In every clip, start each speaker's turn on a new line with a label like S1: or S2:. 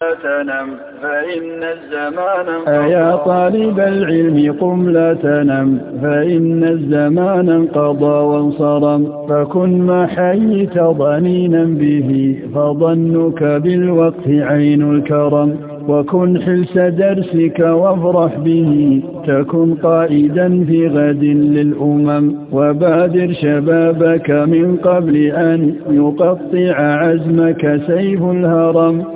S1: تنم فإن الزمان أيا طالب العلم قم لا تنم فإن الزمان انقضى وانصرم فكن ما حييت ضنينا به فظنك بالوقت عين الكرم وكن حلس درسك وافرح به تكن قائدا في غد للأمم وبادر شبابك من قبل أن يقطع عزمك سيف الهرم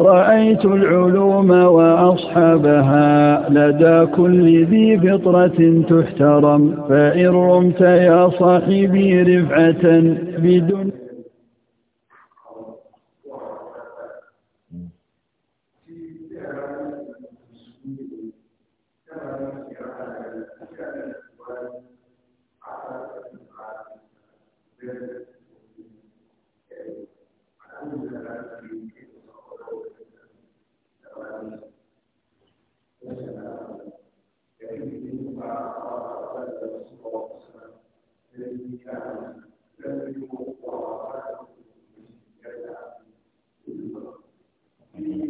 S1: رأيت العلوم وأصحابها لدى كل ذي فطرة تحترم فإن رمت يا صاحبي رفعة بدنيا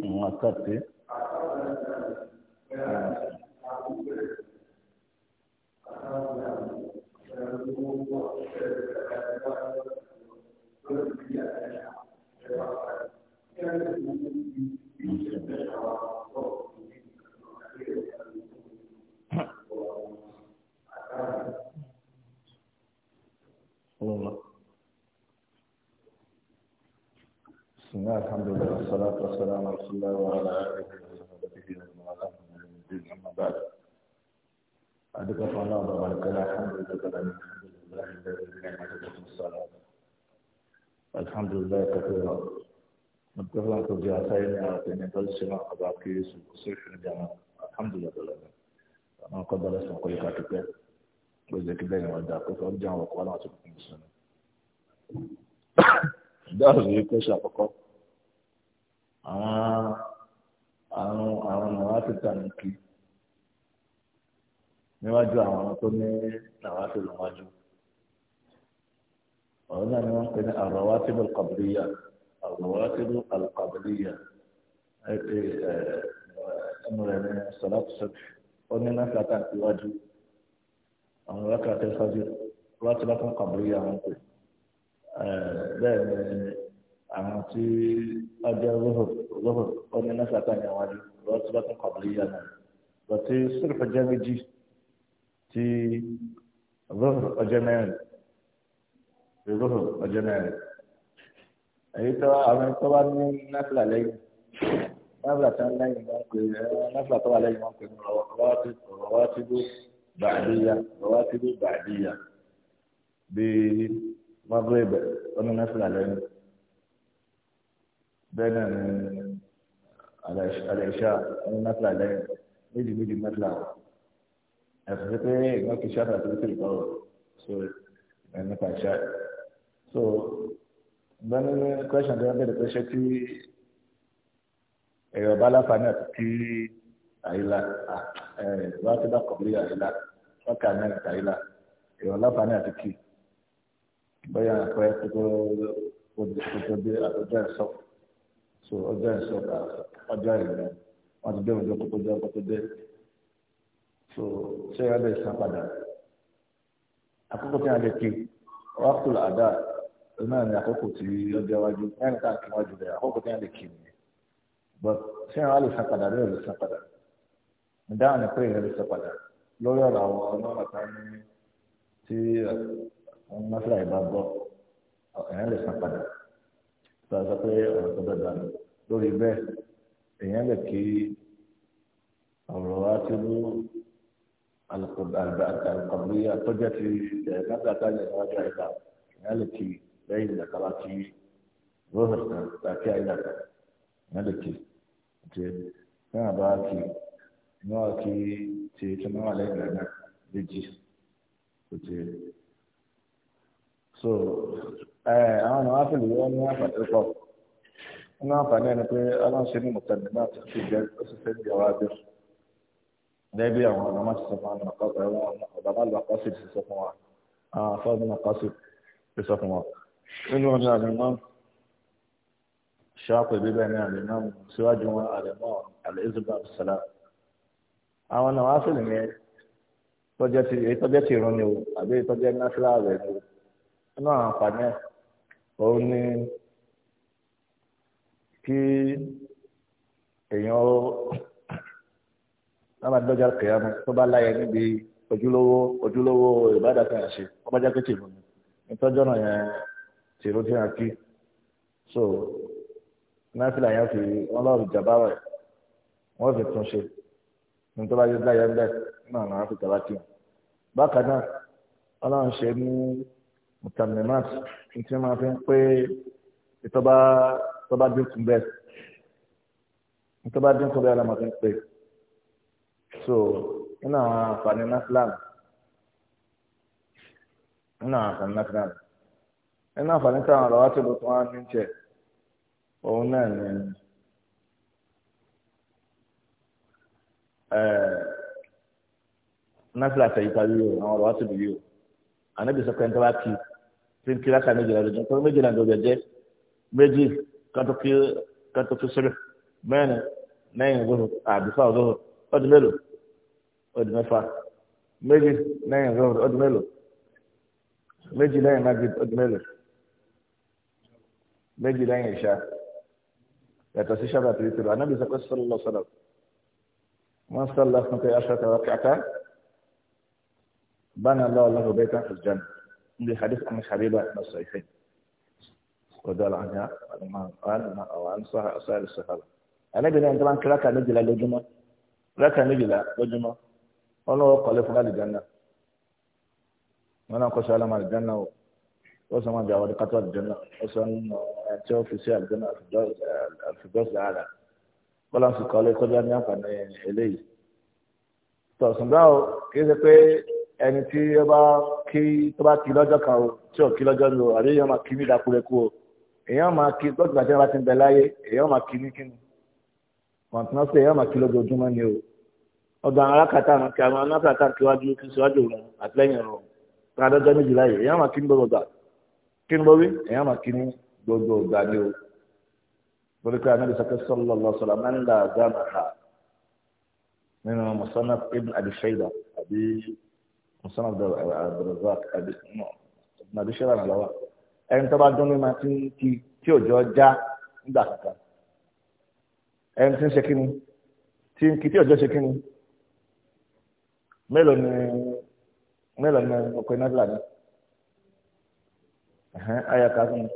S2: Uma café. رسول الله وعلى
S3: آله وصحبه ومن
S2: والاه من الدين أما بعد أدعوك الله وبارك الحمد
S3: لله الحمد لله الذي نعمته الصلاة
S2: الحمد لله كثيرا متفقا ترجع سيدنا أعطيني بل سمع أباكي سيح الجامعة الحمد لله أنا قبل أسمع كل كاتبك وزيك بين وداك فأرجع وقوانا سبحانه وتعالى دار يكشف فقط níwájú àwọn tó ní àwọn àti níwájú ọ̀rọ̀ náà ni awon ẹ ẹmu rẹ̀ ní Sọláàtù Sọ́kì. Ó ní lákàtà níwájú. Àwọn lákàtà ìfájú wá tí pè won ar-rawatib al-qabliya ar-rawatib al-qabliya ẹnu rẹ̀ ní salatu subh ó ní nákàtà níwájú àwọn rákàtà ìfájú láti lákàn qabliya àwọn pè bẹ́ẹ̀ ni àwọn tí ọjọ́ lóhùn ó ní nákàtà níwájú láti lákàn qabliya won pe bee ni lọ́tí sírìfù jẹ́ bati sirifa je meji ti zuhur ọjọ́ mẹ́rin ti zuhur ọjọ́ mẹ́rin èyí tó àwọn tó bá ní náfìlà lẹ́yìn náfìlà tó ń lẹ́yìn wọn pè é náfìlà tó wà lẹ́yìn wọn pè é
S3: rọwá tí bó bàdíyà rọwá tí bó bàdíyà
S2: bíi magreb ọdún náfìlà lẹ́yìn bẹ́ẹ̀ náà ni àlàyé ṣá ọdún náfìlà lẹ́yìn méjì méjì náfìlà wọn. yàtọ̀ sí pé ìgbà kìí ṣáàtà tó tìrì kọ́rọ̀ so ẹ̀ nípa ìṣá so gbẹ́ni question tó yẹ bẹ̀rẹ̀ pé ṣé kí ẹ̀rọ bá láǹfààní àti kí àyílá ẹ̀rọ tó bá kọ̀ọ̀lì àyílá ọkà mẹ́rin àyílá ẹ̀rọ láǹfààní àti kí bóyá àpẹẹrẹ kókó kókó dé àtọ́jọ́ ẹ̀ so ọjọ́ ẹ̀ sọ ọjọ́ ẹ̀ lọ wọ́n ti dé òjò kókó dé kókó dé so ṣé ẹ lè san padà àkókò tí a lè kí wákùtù àdá náà ni àkókò tí ọjọ́ iwájú ẹnì kan kí wájú rẹ̀ àkókò tí a lè kí nìyẹn but ṣé ẹ lè san padà rẹ̀ lè san padà ìdáhùn ni pé ẹ lè san padà lórí ọ̀rọ̀ àwọn ọlọ́run kan ní tí àwọn mọ́sálà ìbá gbọ́ ẹ̀ lè san padà tó a sọ pé ọ̀rọ̀ tó dọ̀dọ̀ ni lórí bẹ́ẹ̀ èèyàn lè kí ọ̀rọ̀ wa ti alqabliya tọ́jà ti lábẹ́ àtàlẹ̀ níwájú àìlà ìyá lè kí lẹ́yìn ìdàkàlà tí lóhùn kan àti àìlà kan ìyá lè kí ti fún àbá kí níwá kí ti tún náà lẹ́yìn ìdàkàlà méjì kò ti so àwọn ọmọ afẹ́lẹ̀ yọ ní àfàdé pọ̀ ní àǹfààní ẹni pé aláǹṣe ní mọ̀tàdínláà tó ti jẹ́ ó sì fẹ́ bí ọwọ́ gẹ́gẹ́ àwọn ọ̀nà máa ti sọ fún àwọn ọ̀bàbá àlùbákọ́sì ti sọ fún wa àwọn afọ́bí àkọ́sì ti sọ fún wa. nínú ọjà àlùmọ́ ṣáàpù ìbíbẹ̀ ní àlùmọ́ síwájú wọn àlùmọ́ àlùzùbà sàlá. àwọn náà wá sí lè ní ìtọ́jẹ́ ti rún ni o àbí ìtọ́jẹ́ náṣílá rẹ̀ ni o. nínú àwọn àǹfààní òun ni kí èèyàn ó náà máa dọ́jà kẹ̀yàmù tó bá láyẹ níbi ojúlówó ojúlówó ìbádà kan àṣe ọba jákè tìlú ni ìtọ́jọ́ náà yẹn tìlú tí wọ́n kí so náfìlà yẹn fi wọ́n lọ́ọ́ jàmbá rẹ̀ wọ́n fi tún ṣe ní tó bá yẹ láyẹ ń bẹ̀ náà náà fi tàbá kí wọn. bákan náà ọlọ́run ṣe ní mutamimat tí wọ́n máa fi ń pé ìtọ́ba dínkù bẹ́ẹ̀ ìtọ́ba dínkù bẹ́ẹ̀ lọ́mọ fi ń pè so nínú àwọn àǹfààní náfìlàmù nínú àwọn àǹfààní náfìlàmù nínú àǹfààní táwọn ọ̀rọ̀ wá tó lò tó wá ní jẹ òun náà ní náfìlà tẹ̀yípa yìí o àwọn ọ̀rọ̀ wá tó lò yìí o ànábì sọ pé ń tọ́ bá kí tí ń kí láka méjìlá lójú pé méjìlá lójú jẹ méjì kátó kí kátó ọdún mẹ́fà méjì lẹ́yìn rọrùn ọdún mẹ́lò méjì lẹ́yìn magrib ọdún mẹ́lò méjì lẹ́yìn ìṣá yàtọ̀ sí sábà tó tó lọ anábì sọ pé sọlọ lọ sọlọ wọn sọlọ fún pé aṣọ àtàwọn kàkà bánà lọ ọlọ́run bẹ́ẹ̀ tán fìjọ́n ní hadith ọmọ ṣàbíbà lọ sọ ìfẹ́ ọdọ àlàáfíà àwọn ànsọ àṣà ìṣòfàlà anábì náà ń tọ́ bá ń kíláka méjìlá lójúmọ́ kíláka méjìlá lójúmọ́. ọlọ́wọ́ kọ́lé fún alìjánná wọn náà kọ́ sí alámà alìjánná o wọ́n sọ ma bí àwọn adìkátọ́ alìjánná wọ́n sọ ń ẹtí ọ́fíìsì alìjánná àfìjọ́sì àrà bọ́lá ń sì kọ́lé kọjá ní àǹfààní eléyìí tọ̀sùn báwo kì í ṣe pé ẹni tí ó bá kí tó bá kí lọ́jọ́ kan o tí ò kí lọ́jọ́ ni o àbí èèyàn máa kí ní ìdákúrẹ́kú o èèyàn máa kí lọ́jọ́ àti bá ti ń láyé èèyàn máa kí ní kíni kọ̀ǹtínọ́sì èèyàn máa kí lójoojúmọ́ ni o ọ̀dọ̀ àwọn alákàtà àwọn kí àwọn alákàtà kí wájú kí n síwájú òun àtìlẹ́yìn ọ̀rọ̀ tá a dọ́jọ́ méjìlá yìí èèyàn máa kí ní gbogbo gbà kí ní bọ́wí èèyàn máa kí ní gbogbo gbà ni o lórí pé anábì sọkẹ́ sọ́lọ́ lọ sọ̀rọ̀ máa ń là gánà ha nínú mùsànà ibn abishayda àbí mùsànà abdulrazak àbí abishayda nà lọ́wọ́ ẹni tó bá dún ní máa ti kí òjò já nígbà kankan ẹni tí ń ṣe kí ni tí ń kí tí òjò ṣe kí ni mélòó ni mélòó ni ọkọ iná fìlà ni ayọ ká fún mi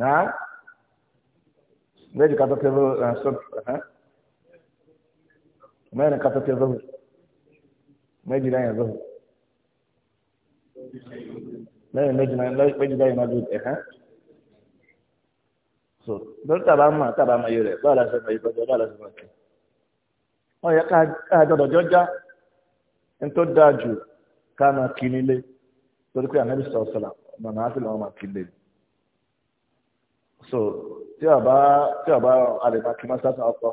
S2: náà méjì kátó tẹ lóru mẹ́rin kátó tẹ lóru méjì lẹ́yìn lóru lẹ́yìn méjì méjì lẹ́yìn lóru ẹ̀hán so lórí tàbá mọ̀ tàbá mọ̀ yóò rẹ̀ báwo la ṣe mọ̀ yóò báwo la ṣe mọ̀ yóò wọ́n yẹ ká dọ̀dọ̀jọ́ já ní tó dáa jù ká máa kí nílé torí pé ànábì sọ̀rọ̀ sọ̀là ọ̀nà náà sì lọ́wọ́ máa kí nílé. so tí a bá tí a bá alẹ́ máa kí máa sáà ọkọ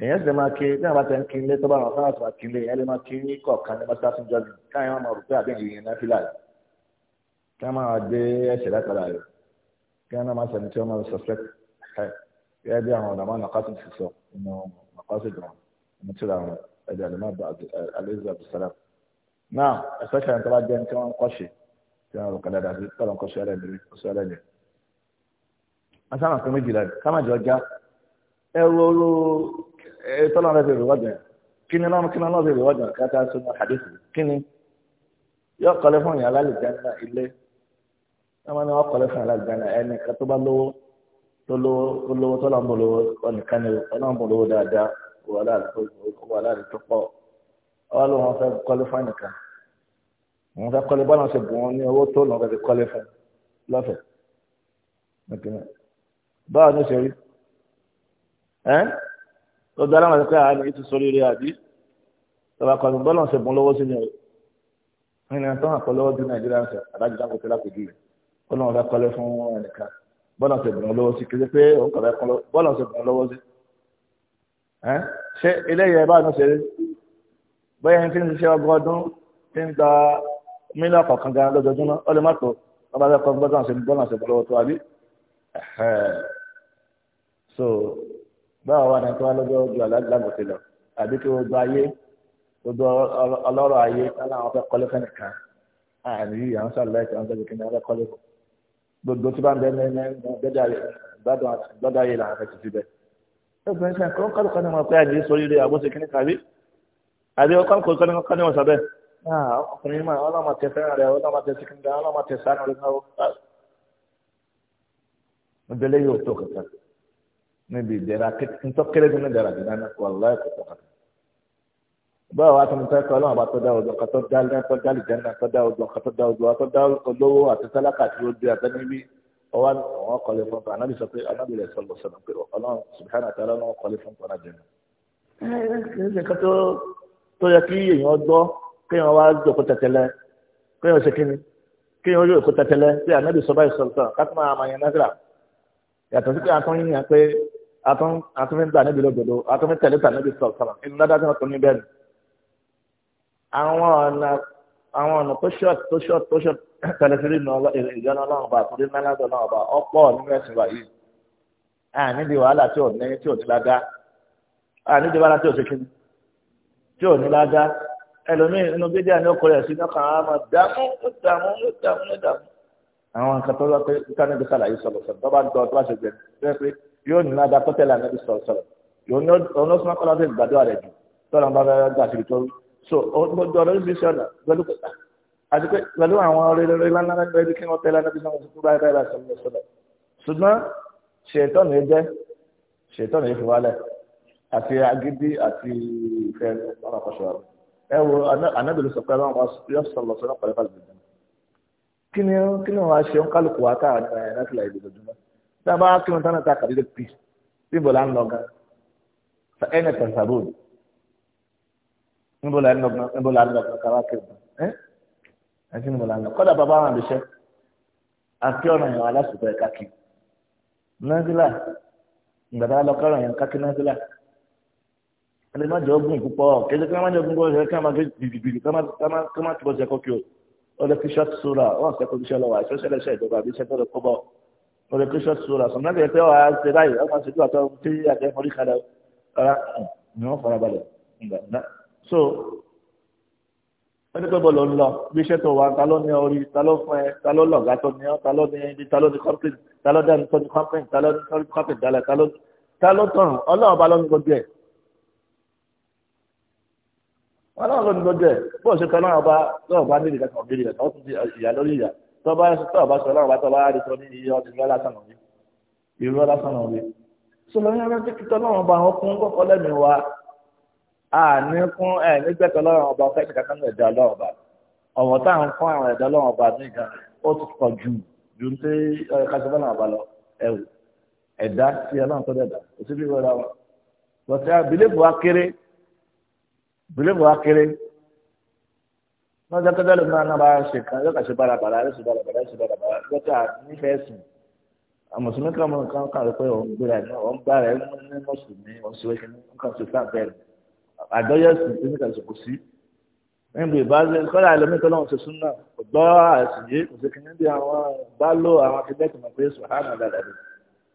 S2: èèyàn sì máa kí tí a bá tẹ̀ ń kí nílé tó bá wọn fáwọn àtúmọ̀ kí nílé èèyàn lè máa kí ní kọ̀ọ̀kan ní máa sáà tún jọ́bi káyọ̀ máa rò pé àbẹ̀yìn yẹn náà fi láàyè ká máa dé ẹ̀ṣẹ̀ látara rẹ̀ kí wọn máa sẹni tí wọn máa suspect ẹ bí àwọn ọ̀nà máa nàkásí ti sọ nínú nàkásí jùlọ mo ti ra wọn ẹ̀dá àlùmọ́ àlùzọ́ àbùsálàm náà ẹ̀sẹ̀ṣẹ̀ ní tọ́lá jẹ́ ní tí wọ́n ń kọ́ṣe tí wọ́n rò kọ́lá dàbí tọ́lá ń kọ́ṣe ẹlẹ́ni kọ́ṣe ẹlẹ́ni. wọ́n sábà pé méjìlá ni ká má jọ já ẹrú olú tọ́lá rẹ̀ bèrè wọ́jà kí ni lọ́nà kí ni lọ́nà bèrè wọ́jà káta sínú àdéhùn kí ni yọ kọ́lé fún ìyàrá àlùjáná ilé wọ́n ní wọ́n kọ́lé fún ìyàrá àlùjáná ẹnì kan tó bá lówó tó lówó tó lọ́nbọ̀ lówó ọ̀nìkan ni ọlọ́nbọ̀ lówó dáadáa kó wà láàrin tó kó wà láàrin tó pọ̀ ọwọ́ ló wọn fẹ́ kọ́lé fún ẹnìkan wọn fẹ́ kọ́lé bọ́lá ṣe bù wọn ní owó tó lọ́n fẹ́ kọ́lé fún lọ́fẹ̀ẹ́ nìkan báwo ni ó ṣe rí ẹ́ tó dára wọn pé àárín ètò sórí rẹ àbí tọ́ba kọ́lé bọ́lá ṣe bù lọ́wọ́ sí ni o nínú tó hàn pẹ̀lú ọdún nàìjíríà ń sọ adájọ́ dákòtò lákòjú rẹ̀ bọ́lá wọn fẹ́ kọ́lé fún ẹnìkan bọ́lá ṣe bù lọ́wọ́ sí kí ṣé eléyìí ẹ bá ní ṣeré bóyá ẹni tí ń ṣiṣẹ́ ọgbọ̀n ọdún tí ń gba mílíọ̀nù kọ̀ọ̀kan gan lójoojúmọ́ ó lè má tó ọba akẹ́kọ̀ọ́ gbọ́dọ̀ ṣe gbọ́dọ̀ ṣe bọ́lọ́wọ́ tó àbí. so báwo wà ní kí wọ́n lọ́jọ́ ju alágbàgbọ́ ti lọ àbí kí gbogbo ayé gbogbo ọlọ́rọ̀ ayé aláwọn fẹ́ kọ́lé fẹ́nìkan àní àwọn sàlẹ̀ kí wọ́n tẹ́lẹ̀ kí wọ́n fẹ́ kọ́lé gbogbo tí bá ń bẹ́ẹ̀ gbọ́dọ̀ ayé làwọn fẹ́ ti fi bẹ́ẹ̀ ẹgbẹ́ ṣe àkọ́ kọ́dù kan ní wọn pé àdìyẹ sọ yìí rẹ̀ àbọ̀ṣe kíní kàbí àdìyẹ ọkọ̀ kọ́dù kan ní wọn kọ́ ní wọn sábẹ́ ọkùnrin máa ọlọ́mọ tẹ fẹ́ràn rẹ̀ ọlọ́mọ tẹ síkìn rẹ̀ ọlọ́mọ tẹ sánú rẹ̀ náà ọbẹ̀lẹ̀ yóò tó kàkà níbi ìdẹ̀ra ntọ́kẹ́rẹ́ tó ní dara jù náà kọ́ ọ̀la ẹ̀kọ́ tó kàkà báwo wá tó ń tẹ́ kọ́ ọlọ́mọ bá tó dá ọjọ́ ká tó dá ọjọ́ ká tó dá ọjọ́ ká tó dá ọjọ́ ká tó dá ọjọ́ ká tó dá olówó àti sálákà tí ó di àtẹ́níbí ọwọ́ àwọn kọ́lé fún pa anábì sọ pé anábì lè sọ lọ́sọ̀nà pé ọlọ́run subhanahu wa ta'ala náà kọ́lé fún pa anábì náà. ẹ ẹ kì í ṣe nǹkan tó tó yẹ kí èèyàn gbọ́ kéèyàn wá jòkó tẹ̀tẹ̀lẹ̀ kéèyàn ṣe kíni kéèyàn yóò kó tẹ̀tẹ̀lẹ̀ pé anábì sọ báyìí sọ̀tọ̀ káàtó máa máa yan náírà yàtọ̀ sí pé atúnyìn pé atúnyìn gbà níbi lódodo atúnyìn tẹ̀lé tà níbi sọ̀tọ̀ inú dáadáa tí wọ́n tún ní bẹ́ẹ̀ ni. àwọn ọ̀nà àwọn tẹlifíri nù ìjọna ọlọ́run bá àtúndé mẹ́lẹ́dọ̀ ọlọ́run bá ọ̀pọ̀ nínú ẹ̀sìn wáyé à níbi wàhálà tí ò ní tí ò ní lága à níbi wàhálà tí ò sékè tí ò ní lága ẹlòmíì nínú bídí àná ọkọ rẹ̀ sí náà kàn án máa dààmú ó dààmú ó dààmú ó dààmú. àwọn nǹkan tó lọ pé nǹkan níbi sàlàyé sọ̀rọ̀ sọ̀rọ̀ tó bá ń tọ́ tó bá ṣe jẹ pé yóò ní lága tó tẹ̀lé àná sọ̀rọ̀ sọ̀rọ̀ òun àti pé pẹ̀lú àwọn rere lánàá rẹ̀ kí wọ́n tẹ́lá níbi sọ́mọ́ sọ́kú báyìí báyìí sọ́mọ́ sọ́dọ̀ ṣùgbọ́n ṣètọ́nù yẹn jẹ́ ṣètọ́nù yẹn fi wálẹ̀ àti agídí àti ìfẹ́ ọ̀nà kọ̀ṣọ́ rẹ̀ ẹ wo anábìlú sọ pé ọlọ́run wa yọ sọ̀rọ̀ sọ́nà pẹ̀lú pàṣẹ ìdùnnú kí ni kí ni wọ́n á ṣe ń kálukú wa káà ní ẹ̀ náà ti là ìdìbò jùlọ tí a bá kí wọn tánà ta kàdídé ẹtí ni mo là ń lọ kọ́dà bàbá àwọn àbíṣẹ́ àti ọ̀nà ìwà aláṣùkọ ẹ̀ka kí nàìjíríà ìgbàdá lọ kọ́rọ̀ yẹn kákí nàìjíríà ẹni má jẹ́ ogun púpọ̀ kéde kí wọ́n má jẹ́ ogun púpọ̀ kí wọ́n má jẹ́ gbìgbìgbì kí wọ́n má tìbọ̀ jẹ́ kọ́kí o wọ́n lè kí short sura wọ́n sẹ́ kó iṣẹ́ lọ́wọ́ àìsàn ṣẹlẹ̀ ṣẹ́ ìjọba àbí iṣẹ́ tó lè kó bọ̀ wọ́n lè kí short sura sọ̀nà lè pẹ́ wàá ṣe báyìí wọ́n máa ṣe dúwà tó tí àjẹ́ mọ́rí kalẹ̀ ọ̀rá ni wọ́n fara balẹ̀ so wọ́n ní pé bọ́ọ̀lù ń lọ bí iṣẹ́ tó wà ta ló ní orí ta ló fún ẹ ta ló lọ̀gá tó ní ọ ta ló ní ibi ta ló ní kọ́pìn ta ló dání tó ní kọ́pìn ta ló ní sọ́rí kọ́pìn dálẹ̀ ta ló ta ló tọ̀rùn ọlọ́run bá ló ní gbogbo ẹ̀ ọlọ́run ló ní gbogbo ẹ̀ bó ṣe tọ́ náà bá lọ́wọ́ ní ìdíkàtà òbí rẹ̀ tó ti di ìyá lórí ìyá tó bá tó bá sọ ọlọ́run bá tó bá rí tó àní fún ẹ nígbẹ̀tọ̀ lọ́rùn ọba ọ̀fẹ́ nìkan kan ẹ̀dá ọlọ́run ọba ọ̀wọ̀ tá à ń fún àwọn ẹ̀dá ọlọ́run ọba nìkan ó ti pọ̀ ju ju ní kájọ bọ́lá ọba lọ ẹ̀wù ẹ̀dá sí ọlọ́run tó dẹ̀dá kò sí bí wọ́n wọn. bọ̀tẹ́ àbílẹ̀bù akéré bílẹ̀bù akéré lọ́jọ́ kẹjọ́ lómi náà bá ṣe kan yóò kà ṣe bàràbàrà yóò ṣe bàràbàrà yóò ṣe bàràbàrà bọ́tẹ́ ànífẹ̀ẹ́ sùn àmọ̀sùnmí kan mọ̀ nǹkan kan rẹ̀ pé òun gbéra ẹ̀ náà òun gbára ẹ̀ ní mọ̀sùnmí òun ṣe wẹ́ṣẹ̀ nǹkan ṣe fún àbẹ́rẹ́ àgbọ́yẹ̀sì tí ní kàṣùkù sí níbi ìbáṣe kọ́lá ẹlòmíì tó lọ́wọ́ ṣoṣù náà kò gbọ́ àṣìyé kò sí kìíní bí àwọn bá lò àwọn akẹ́kọ̀ọ́ mọ̀ pé sùhánà dàdàdì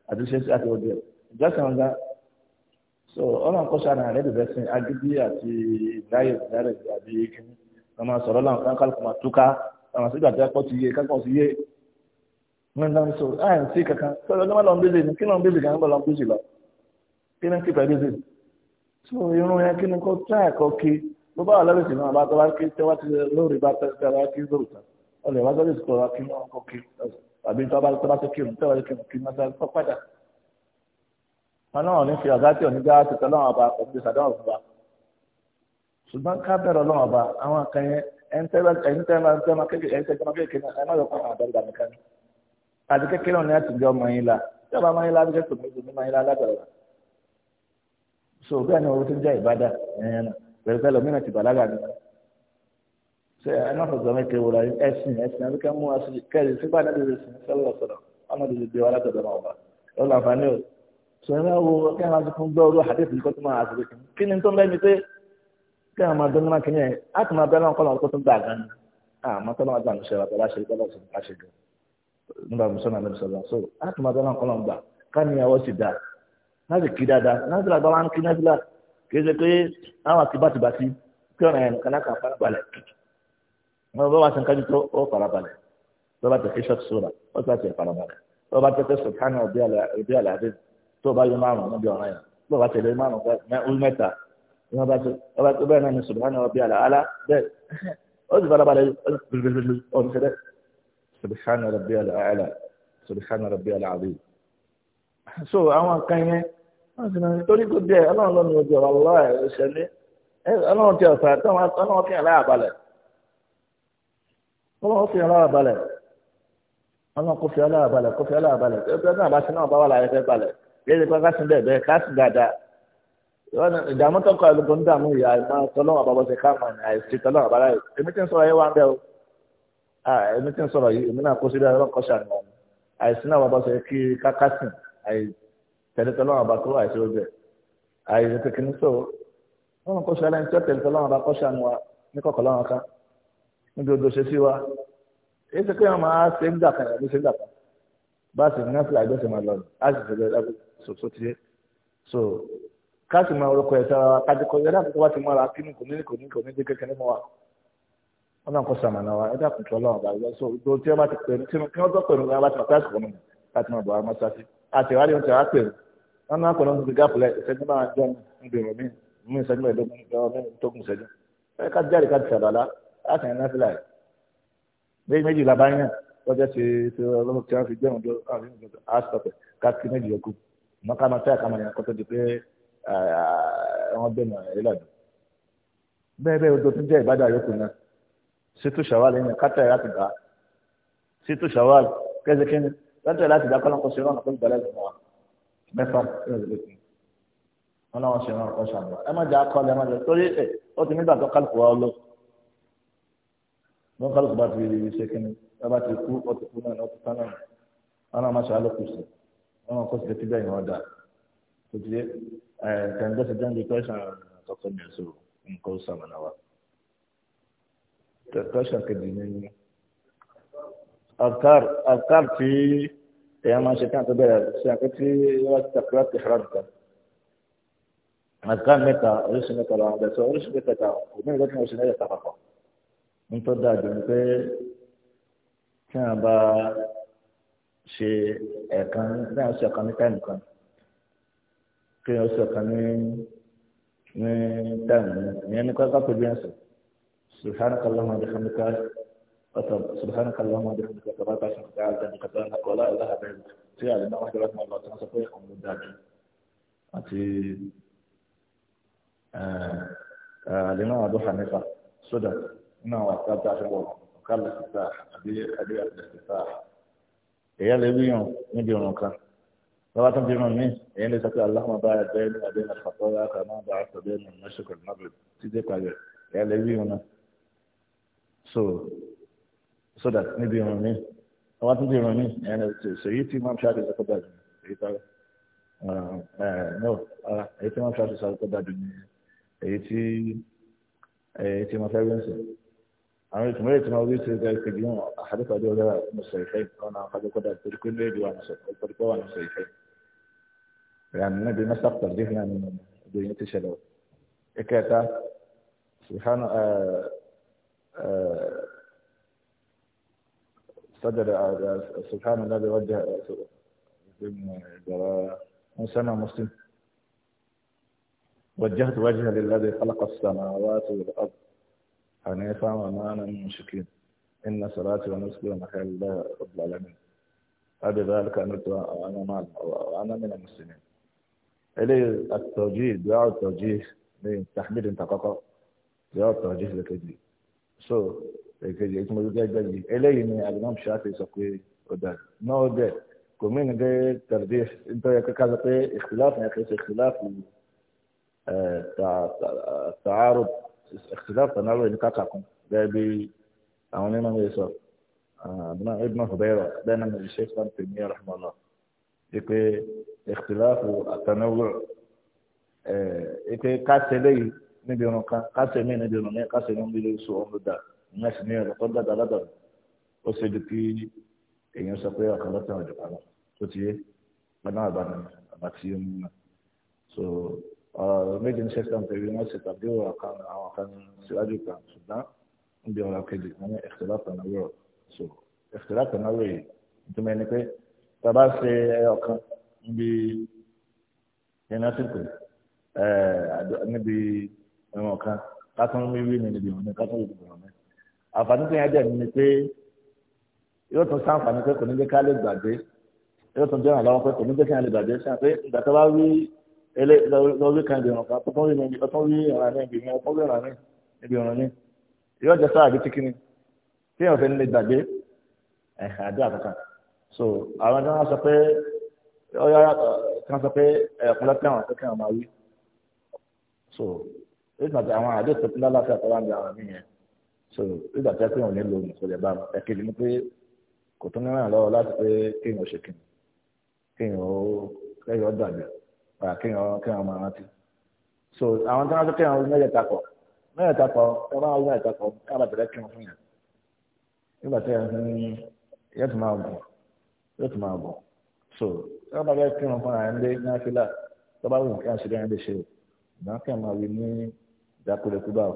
S2: àti ṣe sí àti òde ìjọsìn ọ̀gá so ọlọ́run kọ́ ṣáà náà rẹ́dì bẹ́sìn agídí àti ìdáyè ìdárẹ̀ àbí kìíní wọ́n máa sọ̀rọ̀ láwọn kan kálukú máa túká àwọn sígbà tí wọ́n ti yé kákan sí yé wọ́n dá so àyàn sí kankan sọ̀rọ̀ ọjọ́ so irun yẹn kí ni kó tẹ́ ẹ̀kọ́ kí ló bá wà lọ́dún sí náà bá tọ́ wá kí tẹ́ wá ti lórí bá tẹ́ tẹ́ wá kí lórí tán ọlẹ́ wá sọ́dún sí tọ́ wá kí wọ́n kọ́ kí àbí tọ́ bá tọ́ bá tẹ́ kí irun tẹ́ wá kí irun kí wọ́n tẹ́ padà. wọn náà ní fi ọ̀gá tí òní gbá tètè lọ́wọ́ ọba òbí sàdáwọ̀ fún wa ṣùgbọ́n ká bẹ̀rẹ̀ lọ́wọ́ ọba àwọn kan yẹn ẹ̀ńtẹ́ máa kékeré ọ̀nà ẹ̀ so bẹ́ẹ̀ ni owó tó ń jẹ́ ìbádà ẹ̀yẹn náà pẹ̀lú pẹ̀lú mìíràn ti bàlágà ni ṣe anáfọ̀gbọ́n mẹ́kẹ́ wò láyé ẹ̀sìn ẹ̀sìn àbíká mú aṣọ kẹ́rin sípà náà lè sìn sọ́lọ̀ sọ̀rọ̀ ọmọ lè gbé wa látọ̀dọ̀ máa wà ó lọ àǹfààní o sọ ẹ wo kí wọn ti fún gbọ́ orú àdéhùn kó tó ni tó ń bẹ́ẹ̀ mi ni ẹ̀ á tún máa bẹ́ẹ̀ náà kọ́ lọ́wọ́ kó tó ń gbà gan ni àmọ́ tó máa gbà ní ṣẹlẹ̀ àtọ́lá ṣe tọ́lọ́ sí àṣẹ gan nígbà mùsùlùmí àlẹ́ so á tún máa bẹ́ẹ̀ náà kọ́ lọ́wọ́ gbà ká láti kí dáadáa násìlá bá wọn kí násìlá kì í ṣe pé àwọn àti bàtìbàtì kí ọ̀ràn ẹ̀yàn kan láka farabalẹ̀ wọn bá wà sí nkájú tó ó farabalẹ̀ tó bá tẹ̀sí ṣọ́ọ̀tì sóra ó sì láti farabalẹ̀ tó bá tẹ̀sí sọ̀tánì ọ̀bí àlàdé tó bá yọ márùn níbi ọ̀ràn yẹn tó bá tẹ̀lé márùn ó mẹ́ta wọn bá tó bẹ́ẹ̀ náà ní sọ̀tánì ọ̀bí àlàdé bẹ́ẹ̀ ó sì farabalẹ̀ ọ̀nṣẹ́dẹ́ sọ̀tánì ọ̀bí àlàdé so àwọn kan yẹn torí kò díẹ̀ ọlọ́run ló ní ojú ọ̀rọ̀ ọlọ́ ẹ̀ ṣẹlẹ̀ ọlọ́run ti ọ̀sán tó ọlọ́run fi hàn láyà balẹ̀ ọlọ́run fi hàn láyà balẹ̀ ọlọ́run kò fi hàn láyà balẹ̀ kò fi hàn láyà balẹ̀ ẹgbẹ́ náà bá ti náà bá wà láyà fẹ́ balẹ̀ yé ẹni pé ká sí bẹ́ẹ̀ bẹ́ẹ̀ ká sí dáadáa ìdààmú tọkọ ẹlòmíràn ń dààmú ìyá àìmọ́ tọ́lọ́wọ́ àbábọ́sẹ̀ káàmù àìsí tọ́lọ́wọ́ àbáláyé èmi ti ń sọ̀rọ̀ yẹn wá ń bẹ́ o èmi ti ń sọ̀rọ̀ yìí èmi náà kó síbi ọlọ́kọ̀ṣà àìsí náà àbábọ́sẹ̀ kí kákásìn àìsí tẹ̀lé tọ́lọ́ àbá tó àìsí ọjọ́ àìsí kékeré sọ wọn kọ́ sọ ẹlẹ́ni tí ó tẹ̀lé tọ́lọ́ àbá kọ́ sànù wa ní kọ̀kọ́ lọ́wọ́ ká níbi odò ṣe sí wa èyí ti pé wọn máa ṣe ń dàkà ní ṣe ń dàkà bá a sì ní nọ́ọ̀sì àìgbẹ́sẹ̀ máa lọ a sì ṣe lọ́ọ́ so so tiẹ̀ so káàsì máa orúkọ ẹ̀ sára kájíkọ yẹ́dá àkókò wá ti mọ́ra kí ni kò ní kò ní kò ní dé kékeré mọ́ wa wọn náà kọ́ sàmànà wa ẹ̀dá kùtù ọlọ́run àbáyọ so ìgbò tí wọ́n ti pè ní tí wọ́n tó pè ní wọn bá ti máa pẹ́ àsìkò nù láti máa bọ̀ àwọn àtẹ̀wálé wọn ti wá pèrò wọn náà kọ́ lọ́nà ti gáàpù lẹ ìṣẹ́jú máa jọ ń bèrò mí mú ìṣẹ́jú mẹ́ẹ̀ẹ́dógún ìjọba mẹ́rin tó kún ìṣẹ́jú ẹ ká jáde ká ti ṣàbàlá láti ẹ̀ náfìlà ẹ̀ méjì méjì làbá yàn lọ́jọ́ ti ti ọlọ́run tí wọ́n fi gbẹ̀rún dó àwọn ìjọba àṣọpẹ̀ ká kí méjì yòókù mọ́ ká máa tẹ́ àkàmọ̀ yẹn kó tó di pé wọ́n gbẹ̀mọ̀ ìlànà bẹ́ẹ̀ bẹ́ẹ̀ odò tó jẹ́ ìbádà yòókù náà sítú ṣàwálì yẹn ká tẹ̀ láti gbà sítú ṣàwálì kẹ́sìkínní látọ̀ láti dá kọ́lọ́n kó ṣe rán ọ̀pọ̀ ìgbàlẹ̀ ìgbà wa mẹ́fà ìrẹ̀lẹ̀ lẹ́kùn wọn làwọn ṣe rán ọ̀pọ̀ ṣàlùwà ẹ má jẹ́ akọ́lẹ̀ ẹ má jẹ́ torí ẹ̀ ó ti nígbà tó kálukú wa lọ ló kálukú bá ti ṣe kíni ẹ bá ti kú ó ti kú náà ó ti tán náà wọn náà má ṣe alókù sí wọn náà kó ṣe ti bẹ́ẹ̀ wọn dà kò ti ẹ kẹ̀ǹdọ́ ti dáńdé kọ́ṣà kọ́kọ́ ní ẹ̀sọ́ nǹkan ó sàmùnà wa kọ́ṣà azkar azkar tí èèyàn máa ṣe kí àtọ́ bẹ̀rẹ̀ ṣe àpótí tí wọ́n ti tàkìlá ti hàrá nìkan azkar mẹ́ta oríṣi mẹ́ta lọ́wọ́ bẹ̀ sọ oríṣi mẹ́ta ta òmìnira lọ́tí wọ́n ṣe mẹ́ta papọ̀ nítorí dájú ni pé tí wọ́n bá ṣe ẹ̀ẹ̀kan tí wọ́n ṣe ọ̀kan ní táìmù kan kí wọ́n ṣe ọ̀kan ní ní táìmù ìyẹn ní kọ́kọ́ pẹ̀lú ẹ̀sìn subhanakallahumma wa bihamdika سبحانك اللهم وبحمدك تبارك اسمك تعالى جدك سبحانك ولا اله الا انت تي على ما وحده لا الله تعالى سبحانه ام الداك اتي ا لما ابو حنيفه صدق انه وقت تعرف وقال الافتتاح ابي ابي الافتتاح هي اليوم نجي ونكر طبعا تنجمون مين يعني تقول اللهم باعد بيني وبين الخطايا كما بعدت بين المشرق والمغرب تيجي قاعد يعني اليوم so so that maybe you know what I mean? I want to be running, and it's, so you see, Mom Shadi is a good guy. You thought, uh, uh, no, uh, it's Mom Shadi is a good guy. It's, it's my parents. أنا أتمنى أن أقول لك أن هذا اليوم أحد أقول لك أن مسيحي أنا أحد أقول لك أن كل بيت وأنا مسيحي كل بيت وأنا مسيحي يعني النبي ما استقبل به يعني دنيا تشلو إكاتا إيه سبحان أه أه صدر آه، آه، سبحان الذي وجه ابن سنة مسلم وجهت وجهه للذي خلق السماوات والأرض حنيفا وما أنا من المشركين إن صلاتي ونسكي ومحيا لله رب العالمين فبذلك أمرت وأنا آه، مع وأنا من المسلمين إلي التوجيه دعاء التوجيه لتحميد انتقاقه دعاء التوجيه لكجي so èkejì èyí tí mo dúdú ẹgbẹ́ yìí eléyìí ni alimam shafi sọ pé ó dà náà dẹ kò mí ní gẹ́ tàbí nítorí kíkà sọ pé ìṣìláàfù yẹn kì í ṣe ìṣìláàfù tààrù ìṣìláàfù tààrù ní kàkà kan gẹ́gẹ́ bí àwọn onímọ̀ mi sọ àbúrò ibùdó ọ̀bẹ̀rọ̀ bẹ́ẹ̀ náà ní ṣe sọ́n tèmi rahman ipe ìṣìláàfù àtànáwó ipe kásẹ̀ léyìí níbi irun ìyẹn sì ní ọ̀rọ̀ tó dàgbà lọ́dọ̀ ó ṣe ju kí èèyàn sọ pé ọ̀kan lọ́tọ̀ ọ̀dọ̀ kan tó ti yé gbọ́dọ̀ àbáni àbá ó mú náà so ọ̀rọ̀ méjì ní sẹ́sítàn pẹ̀lú wọn ṣe tàbí ọ̀rọ̀ kan àwọn kan síwájú kan ṣùgbọ́n ń bí ọ̀rọ̀ kejì wọn ní ẹ̀kẹ́lápẹ̀ náà wúrọ̀ so ẹ̀kẹ́lápẹ̀ náà wúrọ̀ yìí ìtumọ̀ ẹni pé tàbá ṣe ọ̀kan níbi ìrìnàṣìkò níbi ẹ̀wọ̀n kan ká àǹfààní tó yẹn jẹ́ mi ni pé yóò tún sáǹfààní pé kò ní jẹ́ ká lè gbàgbé yóò tún jẹ́ ìrànlọ́wọ́ pé kò ní jẹ́ ká lè gbàgbé sí àpé ìgbà tó bá rí ele lórí kan ìbìrùn kan tó tún rí ìrànlọ́wọ́ tó rí ìrànlọ́wọ́ ìbìrùn tó rí ìrànlọ́wọ́ ìbìrùn ní yóò jẹ́ sáà bíi tíkínì tí èèyàn fẹ́ lè gbàgbé ẹ̀hìn àdó àkàkà so àwọn ẹni wọn sọ pé ọyọ kan sọ pé ẹ̀kún lọ́tẹ̀ àwọn akẹ́kẹ́ àwọn máa wí so nígbà tí àwọn àdó tó kú lálàáfíà tó wà ní àwọn mí yẹn so nígbà tí a pé òun nílò ìṣẹ̀lẹ̀ bá wọn ẹ̀kejì ni pé kò tún náírà lọ́wọ́ láti pé kéèyàn ṣe kìnnì kéèyàn ó kéèyàn ó dàgbà padà kéèyàn kéèyàn máa rántí so àwọn tí wọ́n sọ kéèyàn mẹ́rẹ̀ takọ̀ mẹ́rẹ̀ takọ̀ ẹ máa wọ́n mẹ́rẹ̀ takọ̀ ká bàtà rẹ̀ kéèyàn fún yàn nígbà tí yẹn fún yẹn tó máa gùn yóò tó máa gùn so ká bàtà rẹ̀ kéèyàn fún yàn lé náà fílà tó bá wù kéèyàn ṣe lẹ́yìn lè ṣe o ìgbà kéèyàn máa wí ní ìdákúrẹ́kú báwò.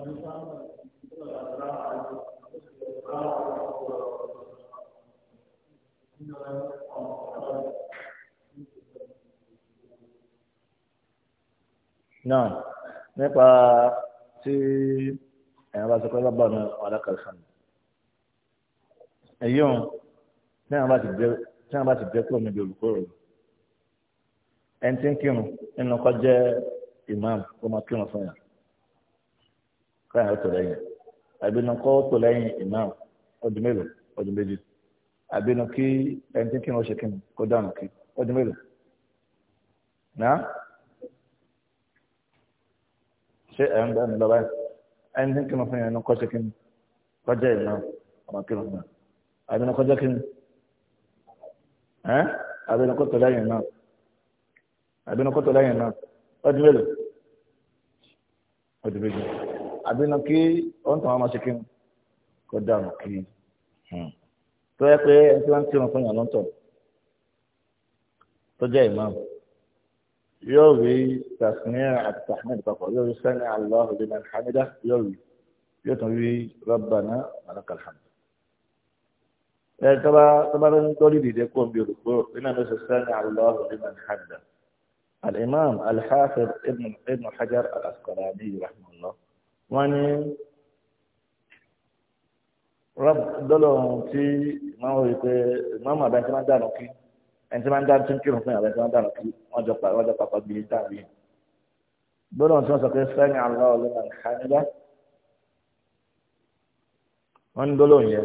S2: náà nípa tí ẹ̀yàn bá sọ pé bàbá mi alákàlùfàn èyí ò tí wọ́n bá ti jẹ́ kúrò níbi olùkóró ẹni tí ń kírun nínú kọ́ jẹ́ imam kó máa kírun fún yàn káyọ̀ tó lẹ́yìn àbínú kọ́ tó lẹ́yìn imam ọdún mélòó ọdún méjì àbínú kí ẹni tí kí wọ́n ṣe kí ni kó dànù kí ọdún mélòó náà ṣé ẹ̀ ń bá mi lọ́wọ́ ẹni tí kí wọ́n fún yẹn ní kọ́ ṣe kí ni kọjá imam ọmọ kí wọ́n fún yẹn àbínú kọjá kí ni ẹ́ àbínú kó tó lẹ́yìn náà àbínú kó tó lẹ́yìn náà ọdún mélòó ọdún méjì àbínú kí wọ́n tàn wọ́n máa ṣe kí kó dànù kí hmm. tó yẹ pé ẹni tí wọ́n ti wọn fún yàn lọ́tọ̀ tó jẹ́ ìmáàmù yóò rí tasmir àti tahmid papọ̀ yóò rí sẹ́ni aláhùn lè máa hàmídá yóò rí yóò tún rí rabbana malakal hamd. ẹ tọ́ba tọ́ba ló ń gbọ́dí dìde kó bí olùkó iná ló ṣe sẹ́ni aláhùn lè máa hàmídá. al ibn hajar al-asqalani wọ́n ní dọ́lọ̀ tí máa ń wòye pé ìmáàmù àbẹ́ tí máa ń dànù kí ẹni tí máa ń dànù tí ń kírun fún àbẹ́ tí máa ń dànù kí wọ́n jọ pàpà wọ́n jọ pàpà gbìyànjú tàbí dọ́lọ̀ tí wọ́n sọ pé sẹ́ni àlọ́ ọlọ́run àkàndá wọ́n ní dọ́lọ̀ yẹn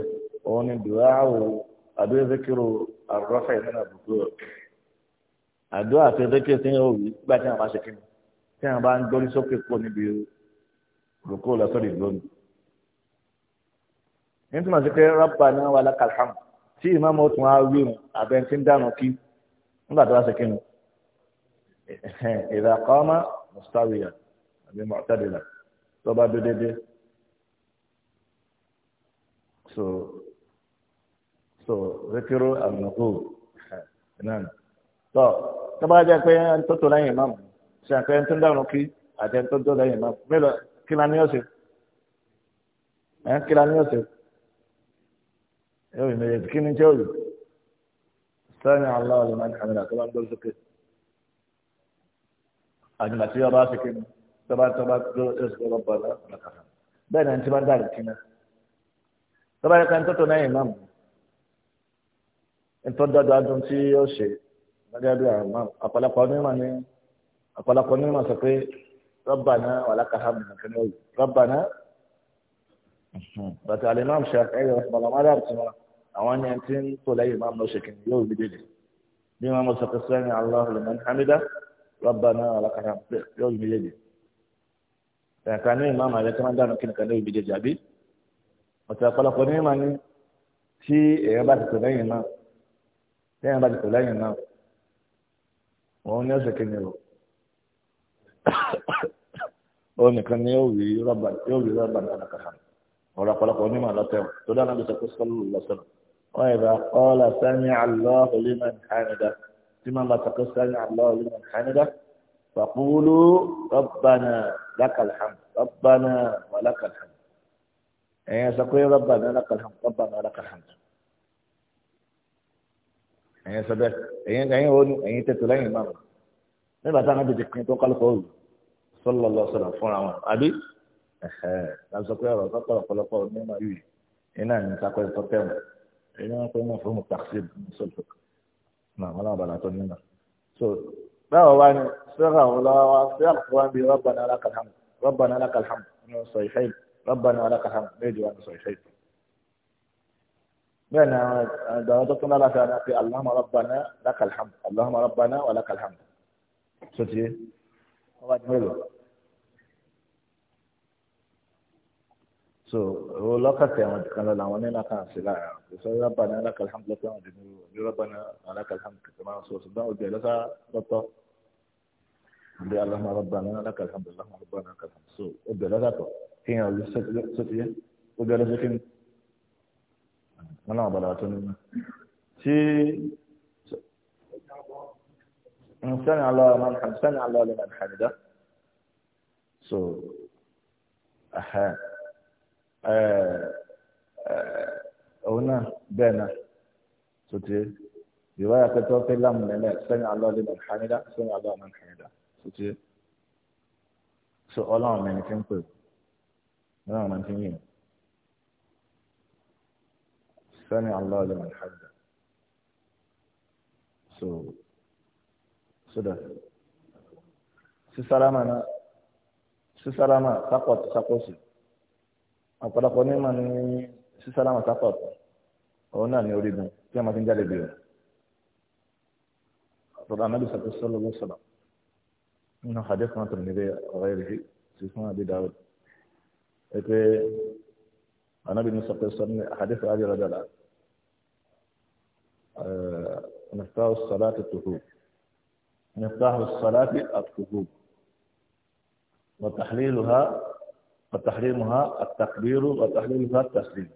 S2: òun ni dùrá àwò àdúrà ìfẹ́kìrò àrùrọ́fẹ́ ìmọ̀nà àbùkù rẹ̀ àdúrà àti ìfẹ́kìrò tí wọ́n wí gbà tí wọ́n bá ṣe kí rúkú lọ́sọ̀rọ̀ ìgbóni. ní tí màá ṣe pé rábà náà wà lákàlhàm tí ìmáàmù ó tún á wí mu àbẹ̀ tí ń dànù kí nígbà tó bá ṣe mu. ìdá kọ́má mustawiya àbí mọ̀tàdìlà tó bá dó dédé. so so zikiru al-nuhu náà tọ́ tó bá jẹ́ pé ń tó tó lẹ́yìn ìmáàmù ṣe àpẹ́ ń tó ń dànù kí àti ń tó tó lẹ́yìn ìmáàmù mélòó kí la ní ọ̀sẹ̀ ẹ̀ kí la ní ọ̀sẹ̀ yóò yìí kí ni jẹ́ òyìn sẹ́yìn aláwọ̀ ló máa ń kàmínà tó bá ń gbọ́ sókè àjùmọ̀ tí ọba ṣe kí ni tọ́ba tọ́ba tó ẹ̀sùn tó bá bọ̀ náà kàkà bẹ́ẹ̀ náà ti máa ń dàrí kí náà tọ́ba yẹ ká ń tọ́tọ̀ náà yìí máa mú ntọ́ dáadáa dùn tí ó ṣe dáadáa dùn àpàlàpọ̀ onímọ̀ ni àpàlàpọ̀ onímọ̀ sọ pé ربنا ولك الحمد كان ربنا bàtà alimam shafi'i rahmalahu ala tuma àwọn yẹn ti ń tó lẹ́yìn imam lọ ṣèkìn yóò bí dédé bí imam sọkè sẹni aláhu liman hamida rabbana alakara yóò bí dédé ẹ̀ka ní imam alẹ́ tí wọ́n dánú kí nìkan yóò bí dédé àbí bàtà ọ̀pọ̀lọpọ̀ ní imam ni tí èèyàn bá ti tó lẹ́yìn náà tí èèyàn bá ti tó lẹ́yìn náà òun ni ó ṣèkìn ni o ó nìkan ni yóò rí rọ́bà yóò rí rọ́bà náà kàkà ọ̀rọ̀ ọ̀pọ̀lọpọ̀ onímọ̀ lọ́tẹ̀wọ̀ tó dáná bí sọ́kó sọ́lù lọ́sọ̀nà wọ́n ìbá qala sami Allahu liman hamida tí máa bá sọ́kó sami Allahu liman hamida faqulu rabbana lakal hamd rabbana wa lakal hamd ẹ̀yẹn sọ́kó rabbana lakal hamd rabbana lakal hamd ẹ̀yẹn sọ́bẹ̀ ẹ̀yẹn ẹ̀yẹn tẹ̀tọ̀ lẹ́yìn sọlọ lọ sọlọ fúnra wọn àbí ẹhẹ lásán pé ọ̀rọ̀ sọpọ ọ̀pọ̀lọpọ̀ ní ma yìí iná ní sakọ ẹsọ tẹwọn èyí wọn pé wọn fún taxi sọlọ náà wọn náà bàlá tó ní náà so báwo wá ní sọ́ra wọn lọ́wọ́ wá sí àkùrọ̀ àbí rọ́bànà alákàlhàm rọ́bànà alákàlhàm ní sọ ìfẹ́ rọ́bànà alákàlhàm méjì wá ní sọ ìfẹ́ بين درجتنا لك في اللهم ربنا لك الحمد اللهم ربنا ولك الحمد شتي so o lọ́kàtì àwọn kan lọ làwọn nínú kan sí lára kò sọ rọ́bà ní aláka alhamdulilayi fún àwọn ìdìbò rọ́bà ní aláka alhamdulilayi máa sọ ṣùgbọ́n òbí ẹ̀ lọ́sà lọ́tọ́ ìdí aláma rọ́bà alhamdulilayi máa rọ́bà ní alhamdulilayi so òbí ẹ̀ lọ́sà tọ̀ kí n ọ̀lú sọ́tìyẹ òbí ẹ̀ lọ́sà kí n wọn làwọn bàdà tó nínú. tí nsani alọ́ ọ̀nà nsani alọ́ ọ̀nà Eh, eh, òun náà bẹ́ẹ̀ náà tó ti ìwà yà pẹ́tọ́ pé láàmú lẹ́lẹ́ sẹ́yìn alọ́ọ̀lẹ́ náà hàmídá sẹ́yìn alọ́ọ̀lẹ́ náà tó ti so ọlọ́run mẹ́ni ti ń pè ọlọ́run mẹ́ni ti ń yìn sẹ́yìn alọ́ọ̀lẹ́ náà so so that sísáramà náà sísáramà sápọ̀ sápọ̀ sí ọ̀pọ̀lọpọ̀ onímọ̀ ní sísálàmù sápọ̀t òun náà ní orígun tí wọ́n ti ń jáde bìrì ọ̀pọ̀lọpọ̀ anábì sọ̀tún sọ́lọ́ ló sọ̀rọ̀ nínú hadith kan tó nílé ọ̀rọ̀ ìrìhì sí fún àbí dáwọ́ ẹ pé anábì ní sọ̀tún sọ́lọ́ ní hadith àbí rọ̀dọ̀lá مفتاح الصلاة الطهور مفتاح الصلاة الطهور وتحليلها فتحريمها التكبير وتحليلها التسليم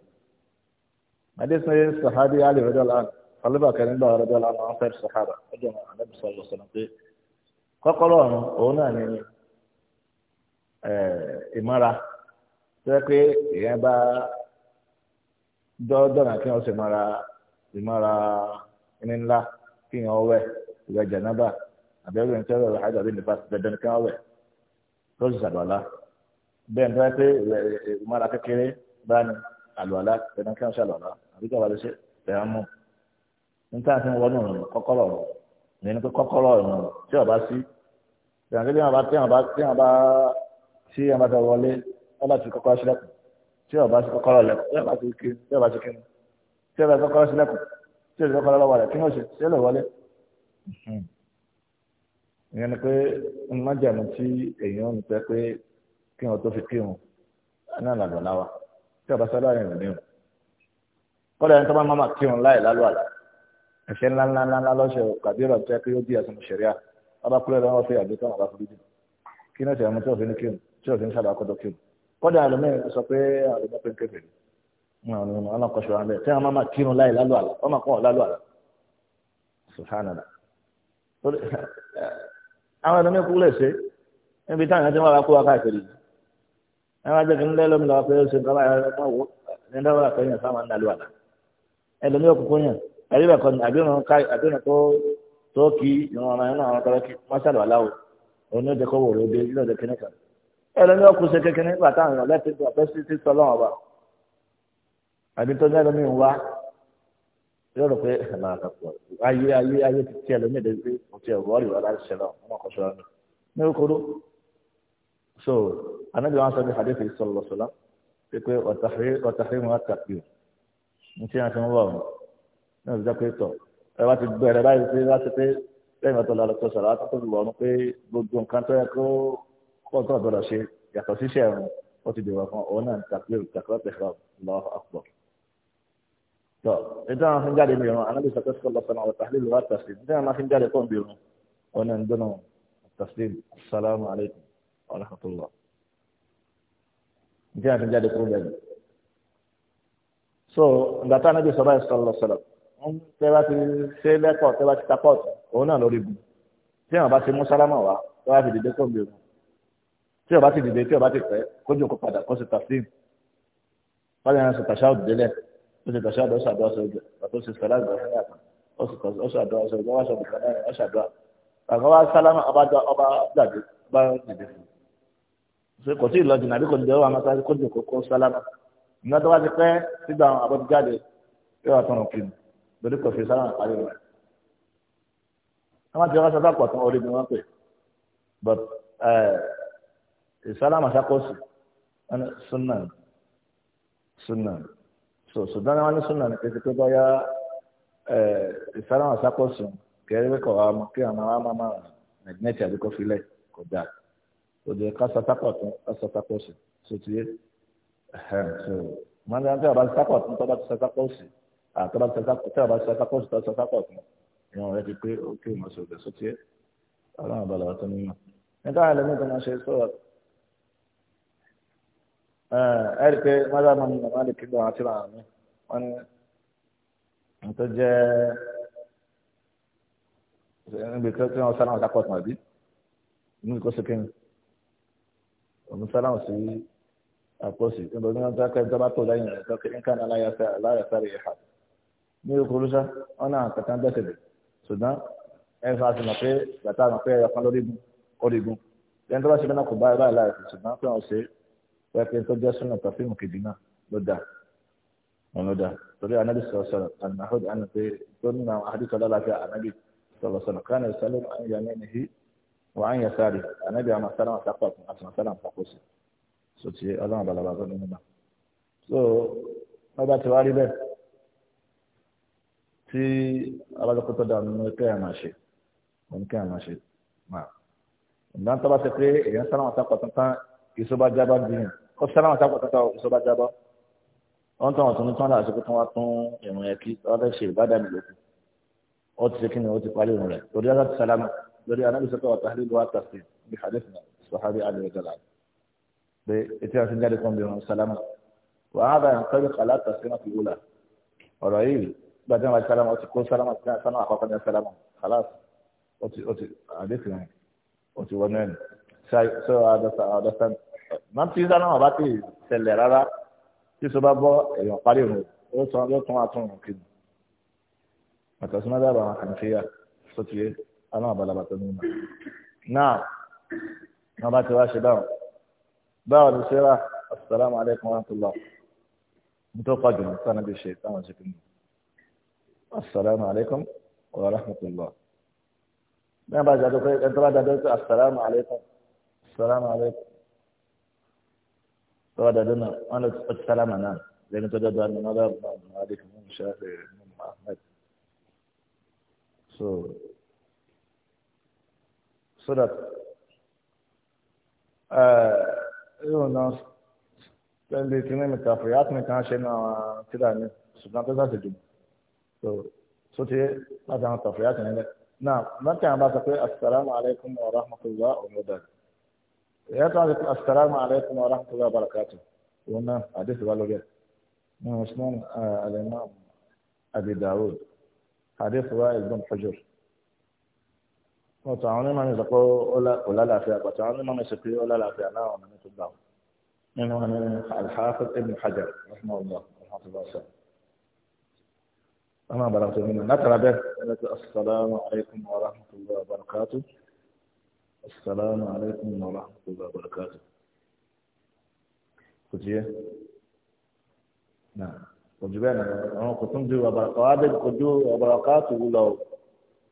S2: حديث سيد الصحابي علي رضي الله عنه قال بقى كان ده رضي الله عنه اخر الصحابه اجمع النبي صلى الله عليه وسلم فقالوا هنا هنا يعني ا آه، امارا تكي يبا دو دو نا كان امارا امارا ان لا كان هو لا جنابه ابي بن سبب حاجه بين بس بدل كان هو رزق الله bẹ́ẹ̀ nípa pé ìmọ̀ra kékeré bá ní àlùwàlá ẹ̀dá kí wọ́n ṣàlùwàlá àbíkẹ́ wà lè ṣe tẹ̀yà mú níta àti wọnú ọ̀nà kọ́kọ́rọ̀ ọ̀nà ìyẹn pé kọ́kọ́rọ̀ ọ̀nà tí ọba sí tẹ̀yà pé tí wọ́n bá tí wọ́n bá tí wọ́n bá tí wọ́n bá tẹ wọlé ọba ti kọ́kọ́rọ̀ sílẹ̀kùn tí ọba ti kọ́kọ́rọ̀ lẹ̀kùn tí ọba ti kí tí ọba ti kí tí ọba ti kọ́kọ́rọ̀ sílẹ̀kùn tí ọba ti kọ́kọ́rọ̀ wọ́n ṣe kí wọn tó fi kírun náà làlọ́ láwa tí ọba sọ́dọ̀ àyẹ̀wò ní o kọ́dọ̀ ẹni tó bá máma kírun láì lálọ́ àlá ẹ̀ṣẹ̀ ńlá ńlá ńlá lọ́sẹ̀ kàbí ọ̀rọ̀ tó yẹ kí ó di àtúnṣe ṣẹ̀ríà ọba kúrẹ́ lọ́wọ́ fi àgbẹ̀ tán ọba fi dídì kí náà ṣẹ̀yàmú tí òfin kírun tí òfin sábà kọ́dọ̀ kírun kọ́dọ̀ àlùmí sọ pé àlùmí pé ń kéfèé ọlọ́kọ̀ṣọ́ àbẹ̀ tí wọ́n máa kírun láì lálọ́ àlá wọ́n máa kọ́ ọ̀ lálọ́ àlá subhanallah àwọn ẹni mi kú níbi táwọn ẹni tí wọ́n bá kó wa káàkiri yìí ẹ̀wọ́n àti ẹ̀kíní lẹ́lọ́mi lọ́wọ́ pé ó ṣe nǹkan báyìí ọ̀rọ̀ ọ̀wọ́ ní dáwọ́ àtẹ̀yìn sáwọn ní àlùwàlà ẹlòmí òkùnkùn yàn ẹ̀rí bẹ̀ kọ́ni àbíọ̀nà tó kí ìrànlọ́wọ́ nínú àwọn tọ́lọ́ kí mọ́ṣálù aláwọ̀ òun ní ìdẹ́kọ̀ wò lóde ilé ọ̀dẹ́ kínní kan ẹlòmí ọkùn ṣe kékeré nígbà táwọn èèyàn lẹ́sìn tó àfẹ́ sí sísọ lọ́wọ́ wa àbí tó ní ẹlòmí ń wá yóò rò pé ẹ̀mà àkàkọ̀ so anabi wọn sọ bí hadith yìí sọlọ sọlá pípé ọ̀tàhírí mu àtàkì o ní tí wọn fi ń wọ ọ náà ló dákẹ́ tọ̀ ẹ wá ti bẹ̀rẹ̀ báyìí pé láti pé lẹ́yìn ọ̀tọ̀ lọ́lọ́ tó sọ̀rọ̀ àti tó lù ọ́nù pé gbogbo nǹkan tó yẹ kó pọ̀ tó ọ̀dọ́dọ̀ ṣe yàtọ̀ síṣẹ́ ẹ̀rùn ó ti dèrò fún òun náà tàkì o tàkì ọ̀tẹ̀ lọ́wọ́ àpọ̀ tọ nítorí àwọn fi ń jáde mìíràn anábì sọ pé sọlọ sọlọ ọ̀tàhírí lọ́wọ́ àtàkì nítorí àwọn fi ń jáde pọ̀ mìíràn ọ̀nà warahmatullah jẹ́ àti jáde kúrò bẹ́ẹ̀ so ìgbà tá anábì sọ báyìí sọlọ sọlọ ń tẹ́ bá ti ṣe lẹ́kọ̀ọ́ tẹ́ bá ti tapọ́t òun náà lórí bu tí àwọn bá ti mú Kau wá tẹ́ bá setafsir. dìde kó ń bẹ̀rù tí ọba ti dìde tí ọba ti pẹ́ kójú kó padà kó sì tàfíìm wáyé náà sì tàṣà òdìdélẹ̀ ó sì tàṣà òdìdélẹ̀ ó ṣàdúrà sí ojú àti ó sì sẹ́lá ìgbàlódé àtàn ó sì tàṣà òdìdélẹ̀ ó ṣàdúrà sí ojú ó ṣàdúrà àgbà wa sálámà ọba dàdé ọba dìde fún un ṣe kò tí ì lọ jìnnà àbí kò ní dẹ́wọ́ àmọ́ sáré kó jù kó kó sálámà ìgbà tó wá ti pẹ́ sígbà àwọn àbọ̀ jáde yóò wá tọrọ kí ni lórí kò fi sálámà parí rẹ̀. wọ́n ti wá sọ́dọ̀ pọ̀ tán orí ni wọ́n pè but ìsálámà sákòsì sunna sunna so sudan wọn ní sunna ní kété pé bọ́yá ìsálámà sákòsì kẹrẹ́wé kọ̀ wá kí àwọn máa máa máa nẹ̀gbẹ́tì àbíkọ́ filẹ̀ kọjá kò dé ká satakọ̀ tún sotí ẹ̀hẹ́n so máa ń dáná tí a bá satakọ̀ tún tó bá ti satakọ̀ sí àtọ́ a bá ti satakọ̀ sí tó bá ti satakọ̀ tún ìwọ̀n rẹ ti pé ó kí ìmọ̀ sí ọ̀dẹ̀ sotí ẹ̀ ọlọ́run bá lọ́wọ́ tó ní mọ̀ nígbà àlẹ́ mi tó máa ṣe sọ̀rọ̀ ẹ̀rí pé mọ́tà máa ń mọ̀ máa lè kí gbọ́n àti ràn mí wọ́n ní nítorí jẹ́ níbi tí wọ́n sáré àwọn sakọ̀tàn àbí níbi kó sókè ní òun sálámù sí àpòsí nígbà tí wọ́n ti kẹ́ ìjọba tó lẹ́yìn rẹ̀ tọ́kẹ́ nǹkan aláyàsáre ẹ̀ka ní okò olúṣà wọn náà kàtà ń gbẹ́sẹ̀ lẹ̀ ṣùgbọ́n ẹ̀ fà sí mọ̀ pé bàtà mọ̀ pé ẹ̀yọkan lórí gun orí gun lẹ́yìn tó bá ṣe bẹ́ẹ̀ náà kò báyìí báyìí láàyè ṣùgbọ́n pé wọ́n ṣe pé pé tó jẹ́ súnà tàfíìmù kejì náà ló dà wọn ló dà torí anabi sọ̀rọ̀ sọ̀rọ̀ ànàhóde ànàpé tó nínú àwọn àdìsọ́ lọ́la fẹ́ anabi sọ̀rọ̀ sọ̀rọ̀ kánà ìsálẹ̀ àyàmẹ́ni yìí wàá yẹn sáré ànábì àmà sálàmà sápò àtùmọ̀ sálàmà sápò sí sòtì ọlọ́run balaba tó nínú náà so wọ́n bá ti wá rí bẹ́ẹ̀ tí alájọpọ̀tọ̀ dà nínú ẹgbẹ́ àmà ṣe òun kẹ́ àmà ṣe máa ìgbà tó bá ti pé èèyàn sálàmà sápò tuntun ìṣọba jábọ̀ dìyàn ó sálàmà sápò tuntun ìṣọba jábọ̀ wọ́n tán ọ̀tún ní tán láti pé tán wá tún ìrùn yẹn kí ṣe ìbádàmì lókun ó ti ṣe kí dari analiza kwa tahlili wa tafsir bi hadithna sahabi ali radhiallahu anhu bi itiasin gari kwa salama wa hadha yanqaliq ala taslimati al-ula ọ̀rọ̀ yìí gbajúmọ̀ àti sálámà ọtí kó sálámà sí sánà àkọ́kọ́ ní sálámà khalas ọtí ọtí àdéhùn ẹ̀ ọtí wọnú ẹ̀ ṣe àdọ́sán àdọ́sán máa ń tí sálámà bá ti ṣẹlẹ̀ rárá tí sọ bá bọ́ èèyàn parí òun ó sọ yóò tún àtún òun kiri àtàsí mọ́tàbà àwọn kàǹfìyà sọ́tìyẹ́ انا بلا بتنوم نعم نبات واشي باو باو بسيرة السلام عليكم ورحمة الله انتو قجم انا بالشيطان وشكرا السلام عليكم ورحمة الله نعم بعد ذلك انت بعد ذلك السلام عليكم السلام عليكم تبعد ذلك انا السلام انا لأن انت جدوا ان نظر عليكم ومشاهد محمد So... صورت ايوه ناس اللي تنمي من التفريات من كان شيء كده يعني سبحان الله تزاد الجمع صوتي ما كان التفريات يعني نعم ما كان بس اقول السلام عليكم ورحمه الله وبركاته يا طالب السلام عليكم ورحمه الله وبركاته هنا حديث قالوا لي من عثمان الامام ابي داود حديث وائل بن حجر wọn tọ àwọn onímọ̀ ní sọ pé ó lálàáfíà pàtó àwọn onímọ̀ ní sọ pé ó lálàáfíà náà ọ̀nà ní tó gbà wọn nínú wọn ní alhafiz ibn hajar rahmanullah alhamdulilayi ọmọ àbàlà tó nínú látara bẹ́ẹ̀ ẹgbẹ́ tó asalaamu alaykum wa rahmatulahi wa barakatu asalaamu alaykum wa rahmatulahi wa barakatu kò tiẹ̀ náà kò jù bẹ́ẹ̀ náà àwọn kò tún ju àbàlà kọ́ adé kò ju àbàlà kọ́ àtúwú lọ́wọ́.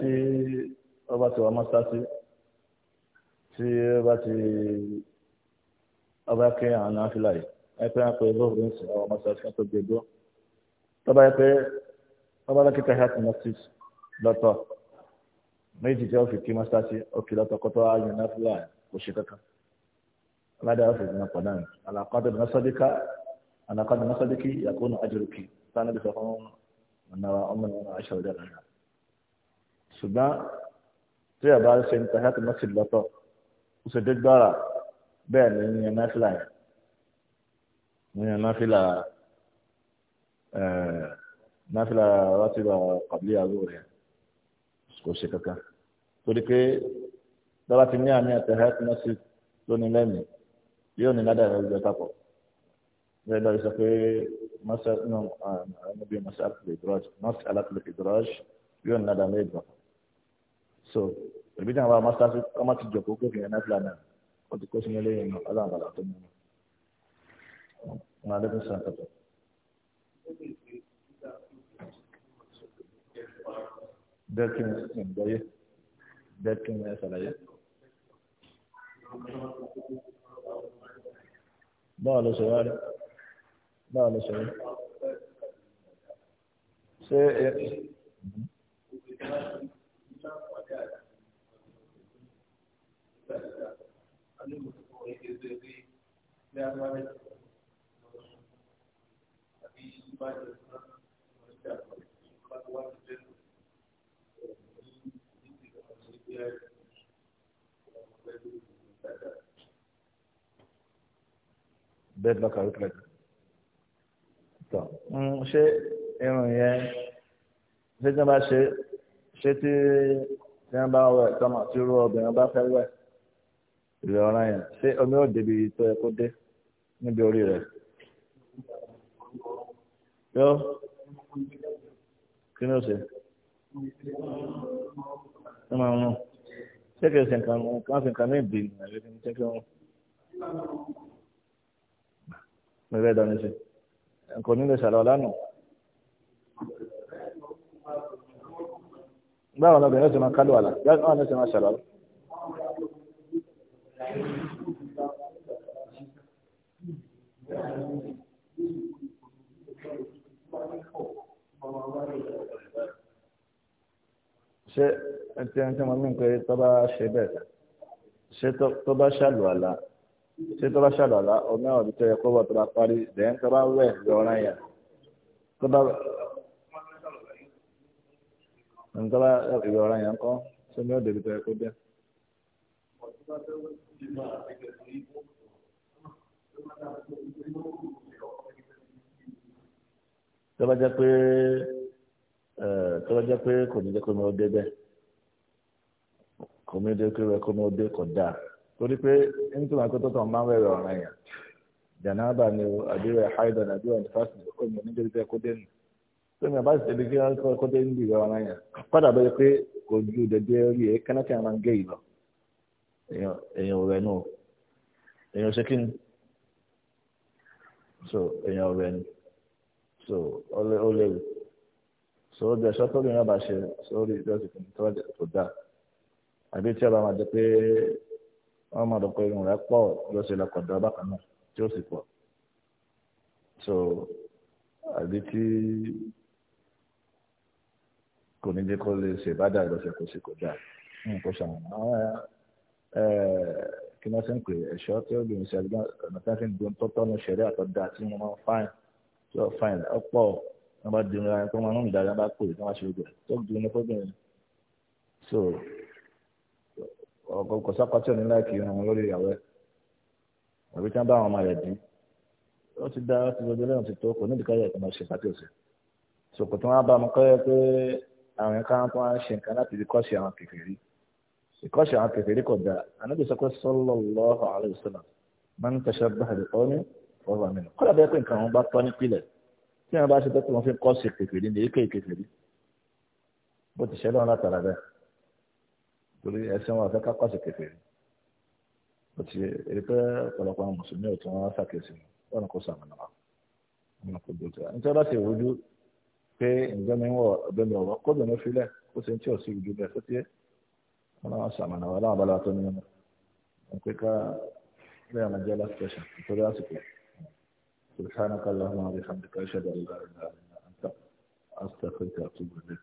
S2: tí bá ti wà mọ́sáàsì tí ọba ti ọba kí àwọn náà fìlà yìí ẹgbẹ́ wọn pé lóòrùn ń sìn ọba mọ́sáàsì kan tó gbé dúró tọ́ba yẹ pé mọ́sí lọ́tọ̀ méjì tí wọ́n fi kí mọ́sáàsì òkè lọ́tọ̀ kọ́tọ́ náà kò ṣe kankan ṣùgbọ́n tí a bá ṣe ń ta ṣáàtì mọ́sí lọ́tọ̀ ó ṣe dé gbára bẹ́ẹ̀ ni ń yan náfìlà yẹn ń yan náfìlà náfìlà rátìlà kàbílì àlù rẹ̀ kò ṣe kankan torí pé dọ́là ti ní àmì àti ṣáàtì mọ́sí lónìí lẹ́mìí yóò ní ládàá ìrọ̀lẹ́ ìjọtàpọ̀ bẹ́ẹ̀ lọ́ọ́ sọ pé mọ́sálà náà ẹni bí mọ́sálà tó lè yóò ní ládàá ìrọ̀lẹ́ ìjọtàpọ̀ so èmi náà wà á mọ́sáàsì ọmọ ti jọ kókó kìnìún náà fúlàní ó ti kó sí ilé yẹn náà ọlọ́run bàlá tó mú un wọn alẹ́ fún sàn kàtó. bẹ́ẹ̀ kí ni sísìn gbọ́yé bẹ́ẹ̀ kí ni ẹ ṣàlàyé. báwo ló ṣe wá báwo ló ṣe ṣé ẹ.
S3: Le sens. Le sens. La sens. Ik wanne ap problematic. Le sens. Le
S2: sens. Le sens. Le sens. tí wọ́n bá wẹ̀ tọ́mọ̀ tí irú obìnrin bá fẹ́ wẹ̀ ìrẹ̀ ọ̀ràn yẹn ṣé omi ò débi tó yẹ kó dé níbi orí rẹ̀ yóò kí ni ó ṣe ẹ máa mú ṣé kìí ṣe nǹkan mú kí wọ́n fi nǹkan ní ìdí nìyẹn lé ní ṣé kí wọ́n mú bẹ́ẹ̀ dání sí nǹkan onílé ṣàlọ́ lánàá báwo ni obìnrin ó sì máa kálù àlà báwo ni ó sì máa ṣàlọ́ ṣe ẹtí ẹni tí mo mí pé tó bá ṣe bẹ́ẹ̀ ṣe tó bá ṣàlù àlà ṣe tó bá ṣàlù àlà ọmọ ọ̀dún tó yẹ bọ̀ tó bá parí dẹ́n tó bá wẹ̀ lọ́rọ̀ yẹn tó bá nǹkan bá ìwé nkọ yẹn kọ́ ṣé ní òde ìdìbò ẹ̀kọ́ dẹ́. tó bá jẹ́ pé tó bá jẹ́ pé kò ní jẹ́ kó ní ó dé bẹ́ẹ̀ kò ní jẹ́ kó ní ó dé kò dáa torí pé nítorí àkótó tó máa ń wẹ̀rẹ̀ ọ̀ràn yẹn jàǹdà bá ní o àdúrà nàìjíríà nífàsì ó ní oníjẹ́ ìdìbò ẹ̀kọ́ dẹ́nu. sọ́mi àbá ìṣẹ̀lẹ̀ kí wọ́n kọ́ dé níbi ìwà wọn yẹn padà bẹ́ẹ̀ pé kò ju dẹ̀dẹ̀ rí ẹ̀ kánná tí a máa ń gé ìlọ èèyàn ò rẹ̀ nù èèyàn ṣe kí ni so èèyàn ò rẹ̀ nù so ó léwu so ó dẹ̀ sọ́tọ́ lóyún àbá ṣe sórí ìjọsìn kìíní tó wájà tó dáa àbí tí a bá máa jẹ pé wọ́n máa dọ̀pọ̀ irun rẹ̀ pọ̀ ló ṣe lọ́kọ̀dọ̀ bákan náà tí ó sì pọ̀ so àbí tí kò ní jẹ́ kó lè ṣe ìbádà ìrọ̀ṣẹ̀ kò sí kò dáa nǹkan ṣàn àwọn kí wọ́n ṣe ń pè ẹ̀ṣọ́ tí ó lòun ṣe ọ̀nà tí wọ́n fi ń gbóhùn tó tọ́nu ṣẹ̀rí àtọ́dá tí wọ́n máa ń fáìn tí wọ́n fáìn ọ̀pọ̀ wọ́n bá dirun ara wọn máa ń dára bá pè tí wọ́n ṣe gbẹ̀ tó dirun ní fóbìnrin so ọkọ̀ sọ́kọ́ tí ò ní láìkí irun wọn lórí ìyàwó ẹ̀ àbí tí wọ́n bá àwọn ọmọ rẹ̀ dín ó ti dá ó ti dojú lẹ́yìn ti tó kò ní ìdíkọ́ kí wọ́n ṣe pàtó ṣe so kò tí wọ́n bá mu kọ́ yẹ pé àwọn yẹn káwọn tó wá ṣe nǹkan láti fi kọ́ṣe àwọn kèfèrí ìkọ́ṣe àwọn kèfèrí kò dáa anábì sọ pé sallallahu alaihi wasallam man tashabbaha bi qawmin fa huwa minhum kọ́dà bẹ́ẹ̀ pé nǹkan wọn bá tọ́ nípìnlẹ̀ tí wọn bá ṣe pé wọn fi kọ́ṣe kèfèrí ní èké kèfèrí bó ti ṣe lọ́wọ́ látara bẹ́ẹ̀ torí ẹsẹ̀ wọn fẹ́ ká kọ́ṣe kèfèrí bó ti rí pé ọ̀pọ̀lọpọ̀ àwọn mùsùlùmí ò tún wọn ṣàkíyèsí wọn kò sàmìnà wọn kò pé ẹ̀gbọ́n mi ń wọ ọ̀dọ́ mi ọ̀rọ̀ kó dùnú filẹ̀ ó ṣe ń tí ò sí ìjú bẹ́ẹ̀ tó tiẹ̀ wọn náà ṣàmàlà wà láwọn abala tó nínú wọn pé ká bẹ́ẹ̀ máa jẹ́ last question nítorí àsìkò subhanaka allahumma wa bihamdika ashhadu an la ilaha illa anta astaghfiruka wa atubu ilayk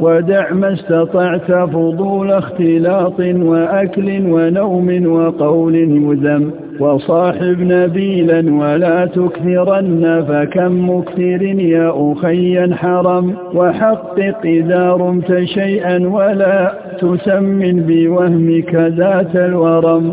S1: ودع ما استطعت فضول اختلاط وأكل ونوم وقول مذم وصاحب نبيلا ولا تكثرن فكم مكثر يا أخي حرم وحقق إذا رمت شيئا ولا تسمن بوهمك ذات الورم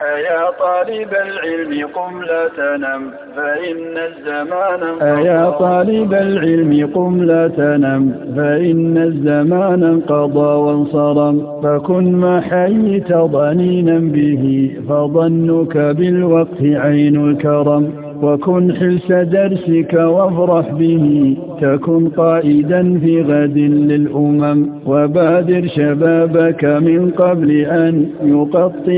S1: أيا طالب العلم قم لا تنم فإن الزمان أيا طالب العلم قم لا تنم فإن الزمان انقضى وانصرم فكن ما حييت ضنينا به فظنك بالوقت عين الكرم وكن حلس درسك وافرح به تكن قائدا في غد للأمم وبادر شبابك من قبل أن يقطع